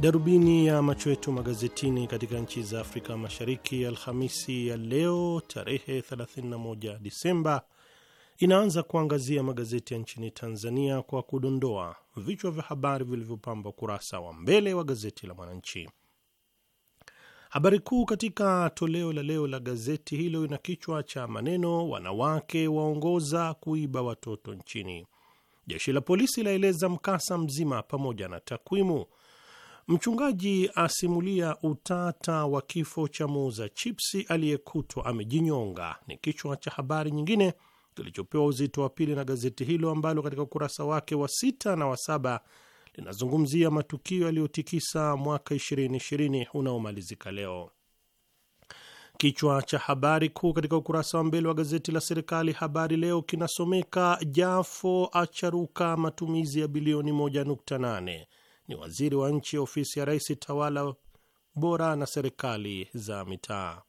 Darubini ya macho yetu magazetini katika nchi za Afrika Mashariki, Alhamisi ya leo tarehe 31 Disemba, inaanza kuangazia magazeti ya nchini Tanzania kwa kudondoa vichwa vya habari vilivyopamba ukurasa wa mbele wa gazeti la Mwananchi. Habari kuu katika toleo la leo la gazeti hilo ina kichwa cha maneno, wanawake waongoza kuiba watoto nchini. Jeshi la polisi laeleza mkasa mzima pamoja na takwimu Mchungaji asimulia utata wa kifo cha muuza chipsi aliyekutwa amejinyonga, ni kichwa cha habari nyingine kilichopewa uzito wa pili na gazeti hilo ambalo katika ukurasa wake wa sita na wa saba linazungumzia matukio yaliyotikisa mwaka 2020 unaomalizika leo. Kichwa cha habari kuu katika ukurasa wa mbele wa gazeti la serikali Habari Leo kinasomeka Jafo acharuka matumizi ya bilioni 1.8 ni waziri wa nchi ofisi ya rais tawala bora na serikali za mitaa.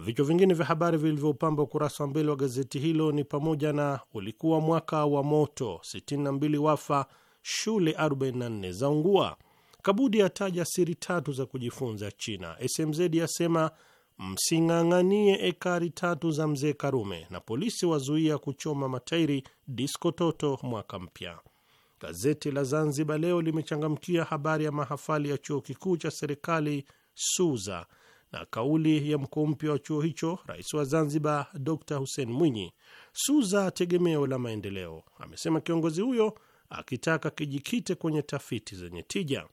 Vichwa vingine vya habari vilivyopamba ukurasa wa mbele wa gazeti hilo ni pamoja na ulikuwa mwaka wa moto, 62 wafa, shule 44 zaungua, Kabudi ataja siri tatu za kujifunza China, SMZ yasema msing'ang'anie ekari tatu za mzee Karume, na polisi wazuia kuchoma matairi disko toto mwaka mpya. Gazeti la Zanzibar Leo limechangamkia habari ya mahafali ya chuo kikuu cha serikali SUZA na kauli ya mkuu mpya wa chuo hicho, rais wa Zanzibar Dr Hussein Mwinyi. SUZA tegemeo la maendeleo, amesema kiongozi huyo, akitaka kijikite kwenye tafiti zenye tija.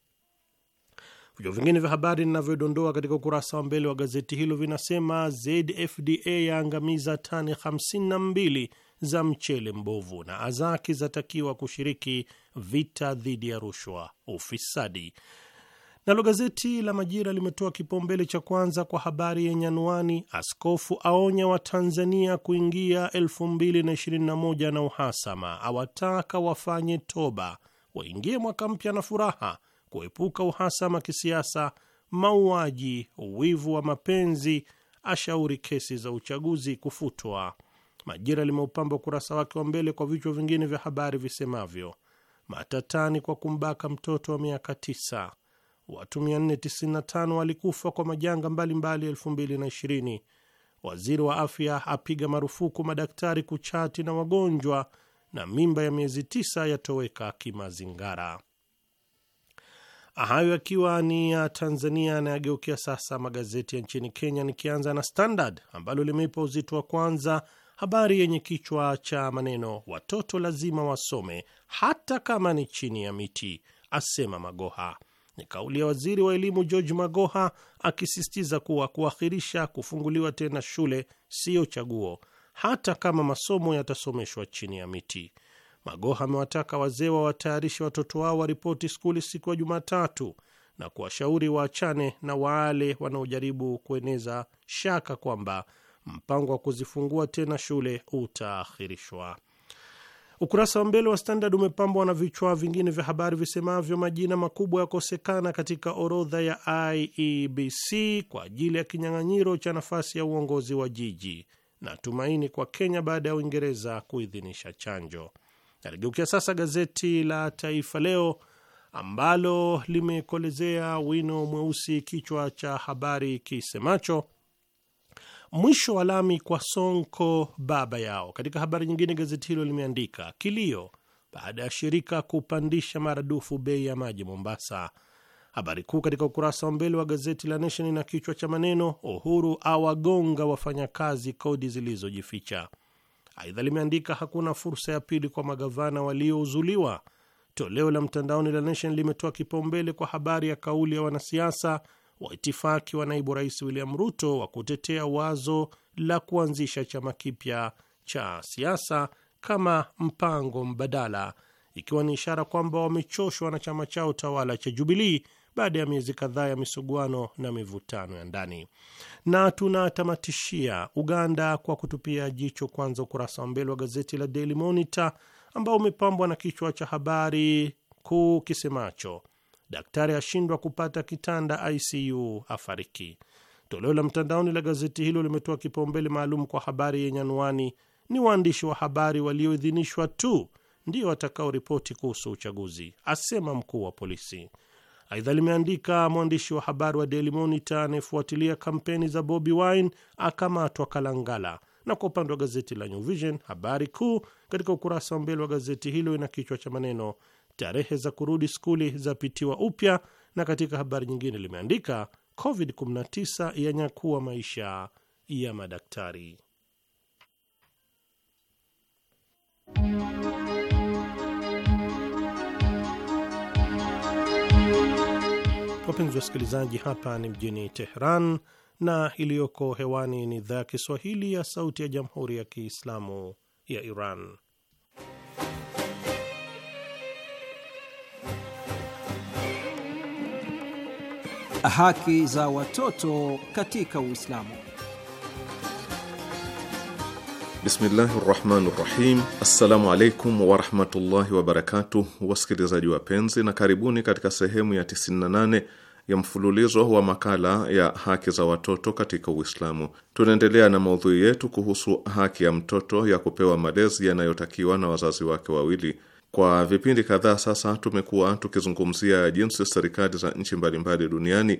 Vichwa vingine vya habari ninavyodondoa katika ukurasa wa mbele wa gazeti hilo vinasema ZFDA yaangamiza tani 52 za mchele mbovu, na Azaki zatakiwa kushiriki vita dhidi ya rushwa, ufisadi. Nalo gazeti la Majira limetoa kipaumbele cha kwanza kwa habari yenye anwani askofu aonya Watanzania kuingia 2021 na uhasama, awataka wafanye toba, waingie mwaka mpya na furaha kuepuka uhasama kisiasa, mauaji, wivu wa mapenzi, ashauri kesi za uchaguzi kufutwa. Majira limeupamba ukurasa wake wa mbele kwa vichwa vingine vya habari visemavyo: matatani kwa kumbaka mtoto wa miaka 9, watu 495 walikufa kwa majanga mbalimbali 2020, waziri wa afya apiga marufuku madaktari kuchati na wagonjwa, na mimba ya miezi 9 yatoweka kimazingara. Hayo akiwa ni ya Tanzania. Anayageukia sasa magazeti ya nchini Kenya, nikianza na Standard ambalo limeipa uzito wa kwanza habari yenye kichwa cha maneno watoto lazima wasome hata kama ni chini ya miti, asema Magoha. Ni kauli ya waziri wa elimu George Magoha akisisitiza kuwa kuahirisha kufunguliwa tena shule siyo chaguo, hata kama masomo yatasomeshwa chini ya miti. Magoha amewataka wazee watayarishi watoto wao waripoti skuli siku ya Jumatatu na kuwashauri waachane na wale wanaojaribu kueneza shaka kwamba mpango wa kuzifungua tena shule utaahirishwa. Ukurasa wa mbele wa Standard umepambwa na vichwa vingine vya habari visemavyo majina makubwa yakosekana katika orodha ya IEBC kwa ajili ya kinyang'anyiro cha nafasi ya uongozi wa jiji na tumaini kwa Kenya baada ya Uingereza kuidhinisha chanjo. Yaligeukia sasa gazeti la Taifa Leo ambalo limekolezea wino mweusi kichwa cha habari kisemacho mwisho wa lami kwa Sonko baba yao. Katika habari nyingine, gazeti hilo limeandika kilio baada ya shirika kupandisha maradufu bei ya maji Mombasa. Habari kuu katika ukurasa wa mbele wa gazeti la Nation na kichwa cha maneno Uhuru awagonga wafanyakazi kodi zilizojificha. Aidha limeandika hakuna fursa ya pili kwa magavana waliouzuliwa. Toleo la mtandaoni la Nation limetoa kipaumbele kwa habari ya kauli ya wanasiasa wa itifaki wa naibu rais William Ruto wa kutetea wazo la kuanzisha chama kipya cha siasa kama mpango mbadala, ikiwa ni ishara kwamba wamechoshwa na chama chao tawala cha Jubilii baada ya miezi kadhaa ya misuguano na mivutano ya ndani. Na tunatamatishia Uganda kwa kutupia jicho kwanza ukurasa wa mbele wa gazeti la Daily Monitor ambao umepambwa na kichwa cha habari kuu kisemacho daktari ashindwa kupata kitanda ICU afariki. Toleo la mtandaoni la gazeti hilo limetoa kipaumbele maalum kwa habari yenye anwani ni waandishi wa habari walioidhinishwa tu ndio watakaoripoti kuhusu uchaguzi, asema mkuu wa polisi. Aidha limeandika mwandishi wa habari wa Daily Monitor anayefuatilia kampeni za Bobi Wine akamatwa Kalangala. Na kwa upande wa gazeti la New Vision, habari kuu katika ukurasa wa mbele wa gazeti hilo ina kichwa cha maneno tarehe za kurudi skuli zapitiwa upya, na katika habari nyingine limeandika COVID-19 yanyakua maisha ya madaktari. Wapenzi wasikilizaji, hapa ni mjini Teheran na iliyoko hewani ni idhaa ya Kiswahili ya Sauti ya Jamhuri ya Kiislamu ya Iran. Haki za watoto katika Uislamu. Bismillahi rahmani rahim. Assalamu alaikum warahmatullahi wabarakatuh, wasikilizaji wapenzi, na karibuni katika sehemu ya 98 ya mfululizo wa makala ya haki za watoto katika Uislamu. Tunaendelea na maudhui yetu kuhusu haki ya mtoto ya kupewa malezi yanayotakiwa na wazazi wake wawili. Kwa vipindi kadhaa sasa, tumekuwa tukizungumzia jinsi serikali za nchi mbalimbali duniani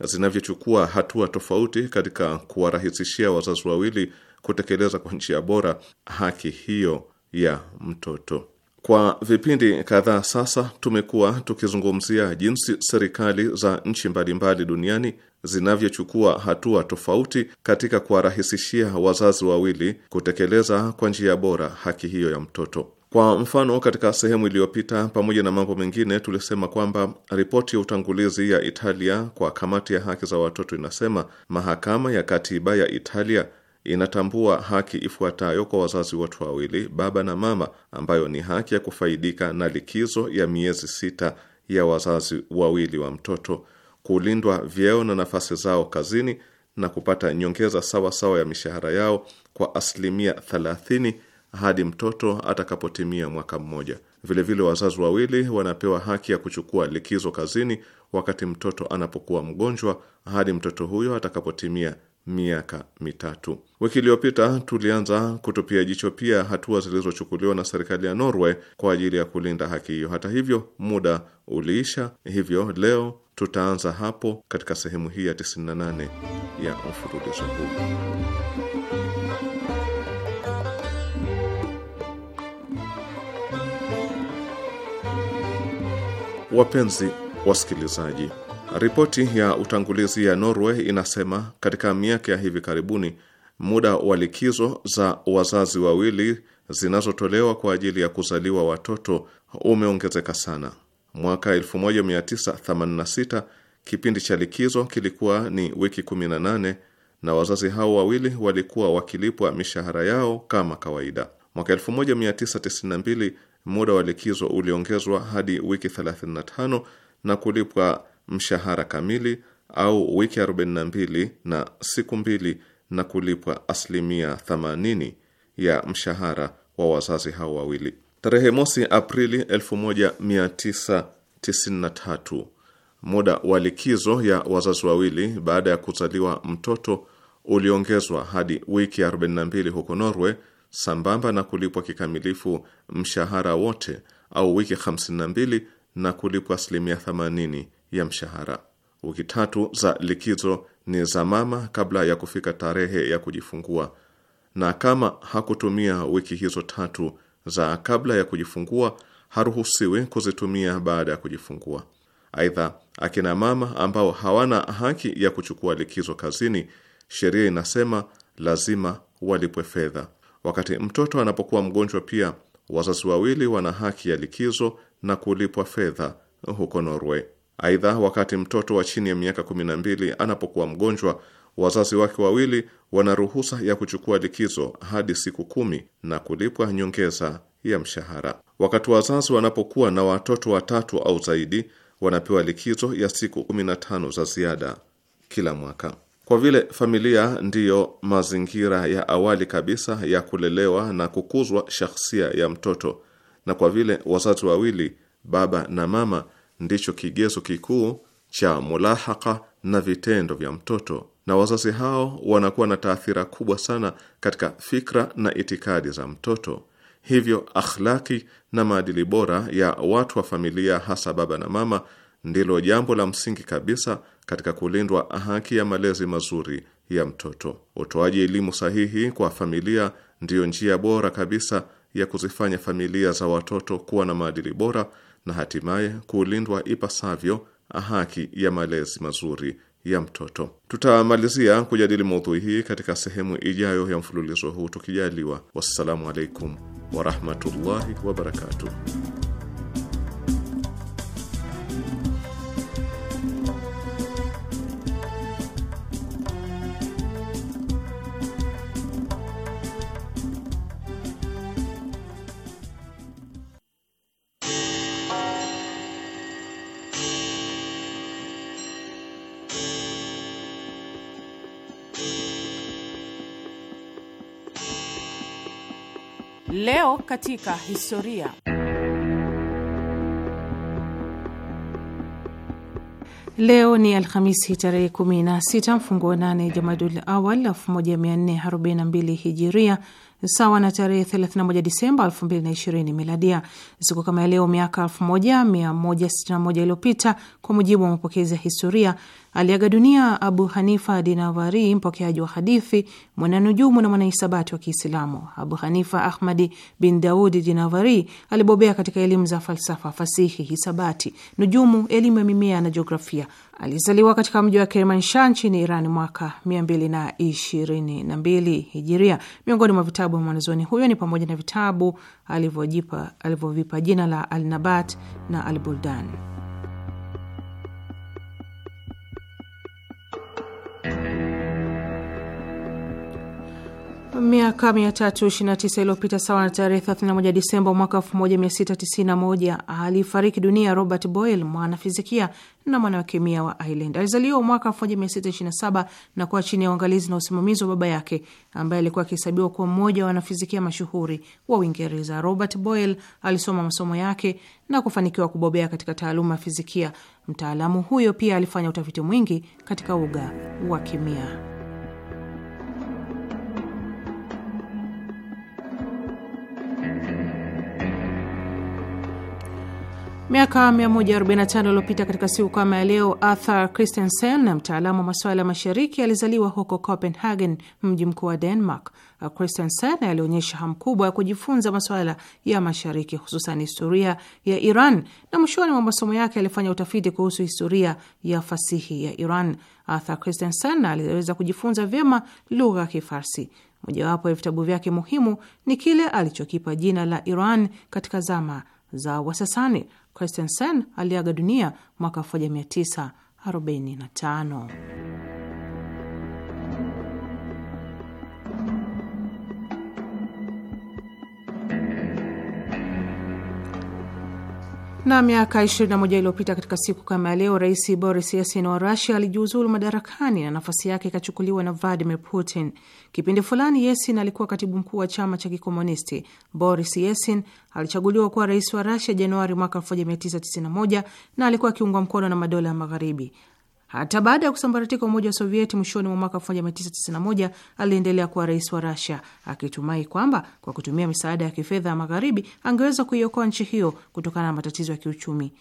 zinavyochukua hatua tofauti katika kuwarahisishia wazazi wawili kutekeleza kwa njia bora haki hiyo ya mtoto. Kwa vipindi kadhaa sasa tumekuwa tukizungumzia jinsi serikali za nchi mbalimbali duniani zinavyochukua hatua tofauti katika kuwarahisishia wazazi wawili kutekeleza kwa njia bora haki hiyo ya mtoto. Kwa mfano, katika sehemu iliyopita, pamoja na mambo mengine, tulisema kwamba ripoti ya utangulizi ya Italia kwa kamati ya haki za watoto inasema mahakama ya katiba ya Italia inatambua haki ifuatayo kwa wazazi wote wawili, baba na mama, ambayo ni haki ya kufaidika na likizo ya miezi sita ya wazazi wawili wa mtoto, kulindwa vyeo na nafasi zao kazini na kupata nyongeza sawa sawa ya mishahara yao kwa asilimia thelathini hadi mtoto atakapotimia mwaka mmoja. Vilevile, wazazi wawili wanapewa haki ya kuchukua likizo kazini wakati mtoto anapokuwa mgonjwa hadi mtoto huyo atakapotimia miaka mitatu. Wiki iliyopita tulianza kutupia jicho pia hatua zilizochukuliwa na serikali ya Norway kwa ajili ya kulinda haki hiyo. Hata hivyo, muda uliisha, hivyo leo tutaanza hapo katika sehemu hii ya 98 ya mfululizo huu. Wapenzi wasikilizaji Ripoti ya utangulizi ya Norway inasema katika miaka ya hivi karibuni muda wa likizo za wazazi wawili zinazotolewa kwa ajili ya kuzaliwa watoto umeongezeka sana. Mwaka 1986 kipindi cha likizo kilikuwa ni wiki 18 na wazazi hao wawili walikuwa wakilipwa mishahara yao kama kawaida. Mwaka 1992 muda wa likizo uliongezwa hadi wiki 35 na kulipwa mshahara kamili au wiki 42 na siku mbili na kulipwa asilimia 80 ya mshahara wa wazazi hao wawili. Tarehe mosi Aprili 1993, muda wa likizo ya wazazi wawili baada ya kuzaliwa mtoto uliongezwa hadi wiki 42 huko Norway, sambamba na kulipwa kikamilifu mshahara wote au wiki 52 na kulipwa asilimia 80 ya mshahara. Wiki tatu za likizo ni za mama kabla ya kufika tarehe ya kujifungua, na kama hakutumia wiki hizo tatu za kabla ya kujifungua haruhusiwi kuzitumia baada ya kujifungua. Aidha, akina mama ambao hawana haki ya kuchukua likizo kazini, sheria inasema lazima walipwe fedha. Wakati mtoto anapokuwa mgonjwa, pia wazazi wawili wana haki ya likizo na kulipwa fedha huko Norway. Aidha, wakati mtoto wa chini ya miaka 12 anapokuwa mgonjwa, wazazi wake wawili wana ruhusa ya kuchukua likizo hadi siku kumi na kulipwa nyongeza ya mshahara. Wakati wazazi wanapokuwa na watoto watatu au zaidi, wanapewa likizo ya siku 15 za ziada kila mwaka. Kwa vile familia ndiyo mazingira ya awali kabisa ya kulelewa na kukuzwa shahsia ya mtoto, na kwa vile wazazi wawili, baba na mama ndicho kigezo kikuu cha mulahaka na vitendo vya mtoto, na wazazi hao wanakuwa na taathira kubwa sana katika fikra na itikadi za mtoto. Hivyo akhlaki na maadili bora ya watu wa familia, hasa baba na mama, ndilo jambo la msingi kabisa katika kulindwa haki ya malezi mazuri ya mtoto. Utoaji elimu sahihi kwa familia ndiyo njia bora kabisa ya kuzifanya familia za watoto kuwa na maadili bora na hatimaye kulindwa ipasavyo haki ya malezi mazuri ya mtoto. Tutamalizia kujadili maudhui hii katika sehemu ijayo ya mfululizo huu tukijaliwa. Wassalamu alaikum warahmatullahi wabarakatuh. katika historia. Leo ni Alhamisi tarehe 16 mfungo wa nane Jamadul Awal 1442 Hijiria sawa na tarehe 31 Disemba 2020 miladia. Siku kama leo miaka 1161 iliyopita, kwa mujibu wa mapokezi ya historia, aliaga dunia Abu Hanifa Dinavari, mpokeaji wa hadithi, mwananujumu na mwanahisabati wa Kiislamu. Abu Hanifa Ahmadi bin Daudi Dinavari alibobea katika elimu za falsafa, fasihi, hisabati, nujumu, elimu ya mimea na jiografia. Alizaliwa katika mji wa Kermansha nchini Iran mwaka 222 hijiria. Miongoni mwa vitabu vya mwanazoni huyo ni pamoja na vitabu alivyovipa jina la Alnabat na Albuldan. miaka 329 iliyopita sawa na tarehe 31 Disemba mwaka 1691 alifariki dunia Robert Boyle, mwanafizikia na mwanakemia wa Ireland. Alizaliwa mwaka 1627 na kuwa chini ya uangalizi na usimamizi wa baba yake ambaye alikuwa akihesabiwa kuwa mmoja wa wanafizikia mashuhuri wa Uingereza. Robert Boyle alisoma masomo yake na kufanikiwa kubobea katika taaluma ya fizikia. Mtaalamu huyo pia alifanya utafiti mwingi katika uga wa kemia. Miaka 145 iliyopita katika siku kama ya leo, Arthur Christensen na mtaalamu wa masuala ya mashariki alizaliwa huko Copenhagen, mji mkuu wa Denmark. Christensen alionyesha hamu kubwa ya kujifunza masuala ya mashariki, hususan historia ya Iran, na mwishoni mwa masomo yake alifanya utafiti kuhusu historia ya fasihi ya Iran. Arthur Christensen aliweza kujifunza vyema lugha ya Kifarsi. Mojawapo ya vitabu vyake muhimu ni kile alichokipa jina la Iran katika zama za Wasasani Christensen aliaga dunia mwaka 1945. Na miaka 21 iliyopita katika siku kama ya leo, Rais Boris Yeltsin wa Rusia alijiuzulu madarakani na nafasi yake ikachukuliwa na Vladimir Putin. Kipindi fulani, Yeltsin alikuwa katibu mkuu wa chama cha kikomunisti. Boris Yeltsin alichaguliwa kuwa rais wa Rusia Januari mwaka 1991 na alikuwa akiungwa mkono na madola ya Magharibi. Hata baada ya kusambaratika Umoja wa Sovieti mwishoni mwa mwaka 1991 aliendelea kuwa rais wa Rasia akitumai kwamba kwa kutumia misaada ya kifedha ya Magharibi angeweza kuiokoa nchi hiyo kutokana na matatizo ya kiuchumi.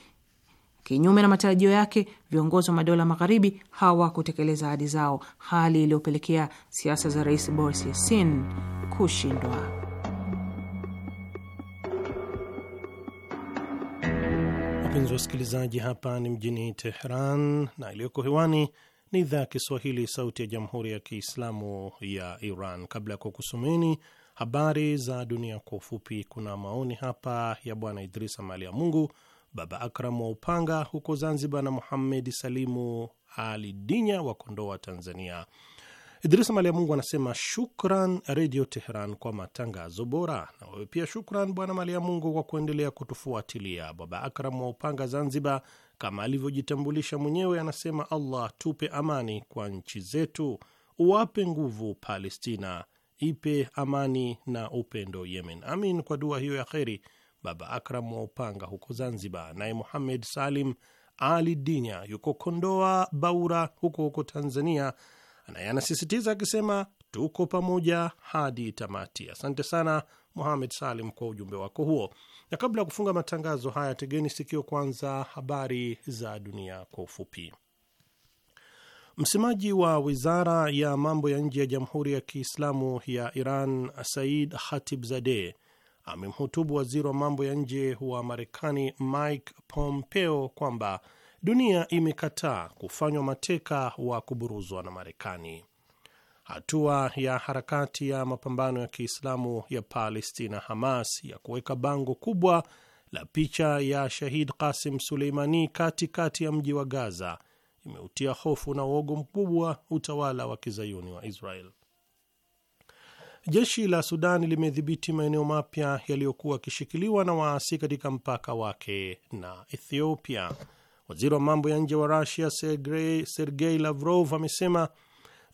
Kinyume na matarajio yake, viongozi wa madola magharibi hawakutekeleza ahadi zao, hali iliyopelekea siasa za rais Boris Yeltsin kushindwa. Wapenzi wasikilizaji, hapa ni mjini Teheran na iliyoko hewani ni idhaa ya Kiswahili, sauti ya jamhuri ya kiislamu ya Iran. Kabla ya kukusomeni habari za dunia kwa ufupi, kuna maoni hapa ya Bwana Idrisa Mali ya Mungu, Baba Akram wa Upanga huko Zanzibar na muhammedi Salimu Ali Dinya wa Kondoa, Tanzania. Idrisa Mali ya Mungu anasema shukran Redio Teheran kwa matangazo bora. Na wewe pia shukran Bwana Mali ya Mungu kwa kuendelea kutufuatilia. Baba Akram wa Upanga, Zanzibar, kama alivyojitambulisha mwenyewe, anasema Allah tupe amani kwa nchi zetu, uwape nguvu Palestina, ipe amani na upendo Yemen. Amin kwa dua hiyo ya kheri, Baba Akram wa Upanga huko Zanzibar. Naye Muhamed Salim Ali Dinya yuko Kondoa Baura huko huko Tanzania naye anasisitiza akisema tuko pamoja hadi tamati. Asante sana Muhamed Salim kwa ujumbe wako huo, na kabla ya kufunga matangazo haya, tegeni sikio kwanza habari za dunia kwa ufupi. Msemaji wa wizara ya mambo ya nje ya Jamhuri ya Kiislamu ya Iran Said Khatibzadeh amemhutubu waziri wa mambo ya nje wa Marekani Mike Pompeo kwamba dunia imekataa kufanywa mateka wa kuburuzwa na Marekani. Hatua ya harakati ya mapambano ya Kiislamu ya Palestina, Hamas, ya kuweka bango kubwa la picha ya shahid Qasim Suleimani katikati ya mji wa Gaza imeutia hofu na uogo mkubwa utawala wa kizayuni wa Israel. Jeshi la Sudani limedhibiti maeneo mapya yaliyokuwa yakishikiliwa na waasi katika mpaka wake na Ethiopia. Waziri wa mambo ya nje wa Rusia Sergei Lavrov amesema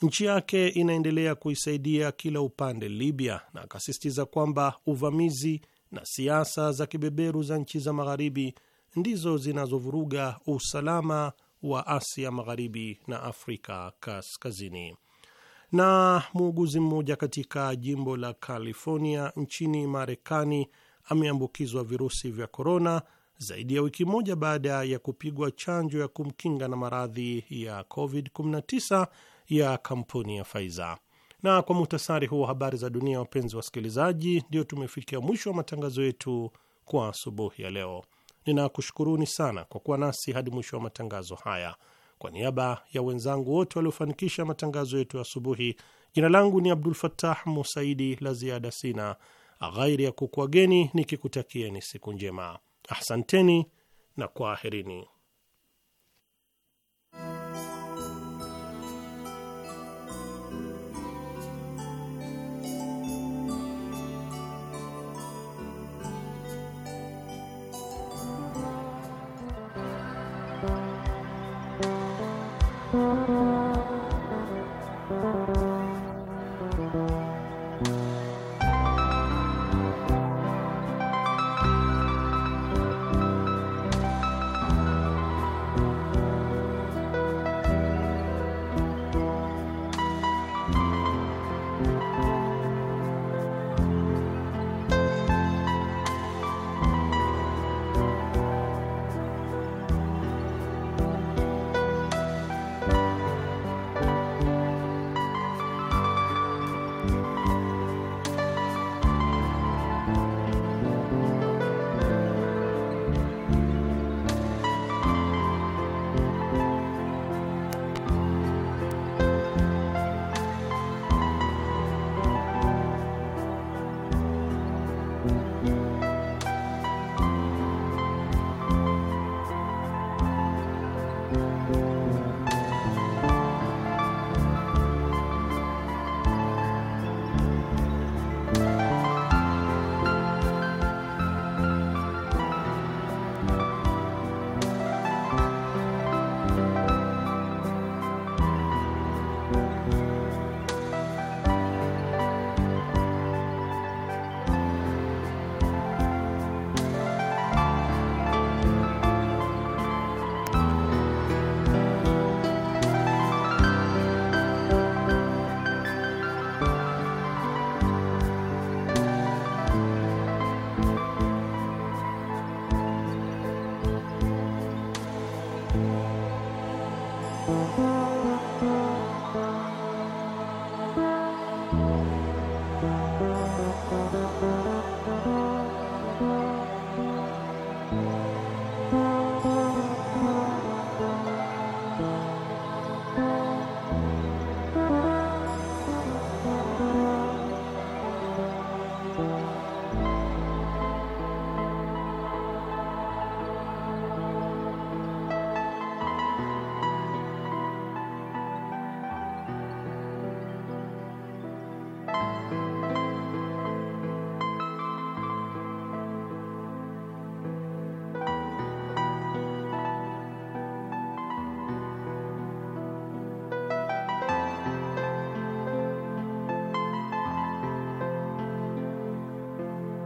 nchi yake inaendelea kuisaidia kila upande Libya na akasisitiza kwamba uvamizi na siasa za kibeberu za nchi za magharibi ndizo zinazovuruga usalama wa Asia magharibi na Afrika kaskazini. Na muuguzi mmoja katika jimbo la California nchini Marekani ameambukizwa virusi vya korona zaidi ya wiki moja baada ya kupigwa chanjo ya kumkinga na maradhi ya COVID-19 ya kampuni ya Pfizer. Na kwa muhtasari huu wa habari za dunia, wapenzi wasikilizaji, ndio tumefikia mwisho wa matangazo yetu kwa asubuhi ya leo. Ninakushukuruni sana kwa kuwa nasi hadi mwisho wa matangazo haya. Kwa niaba ya wenzangu wote waliofanikisha matangazo yetu asubuhi, jina langu ni Abdul fatah Musaidi. La ziada sina ghairi ya kukuageni nikikutakieni siku njema. Ahsanteni na kwaherini.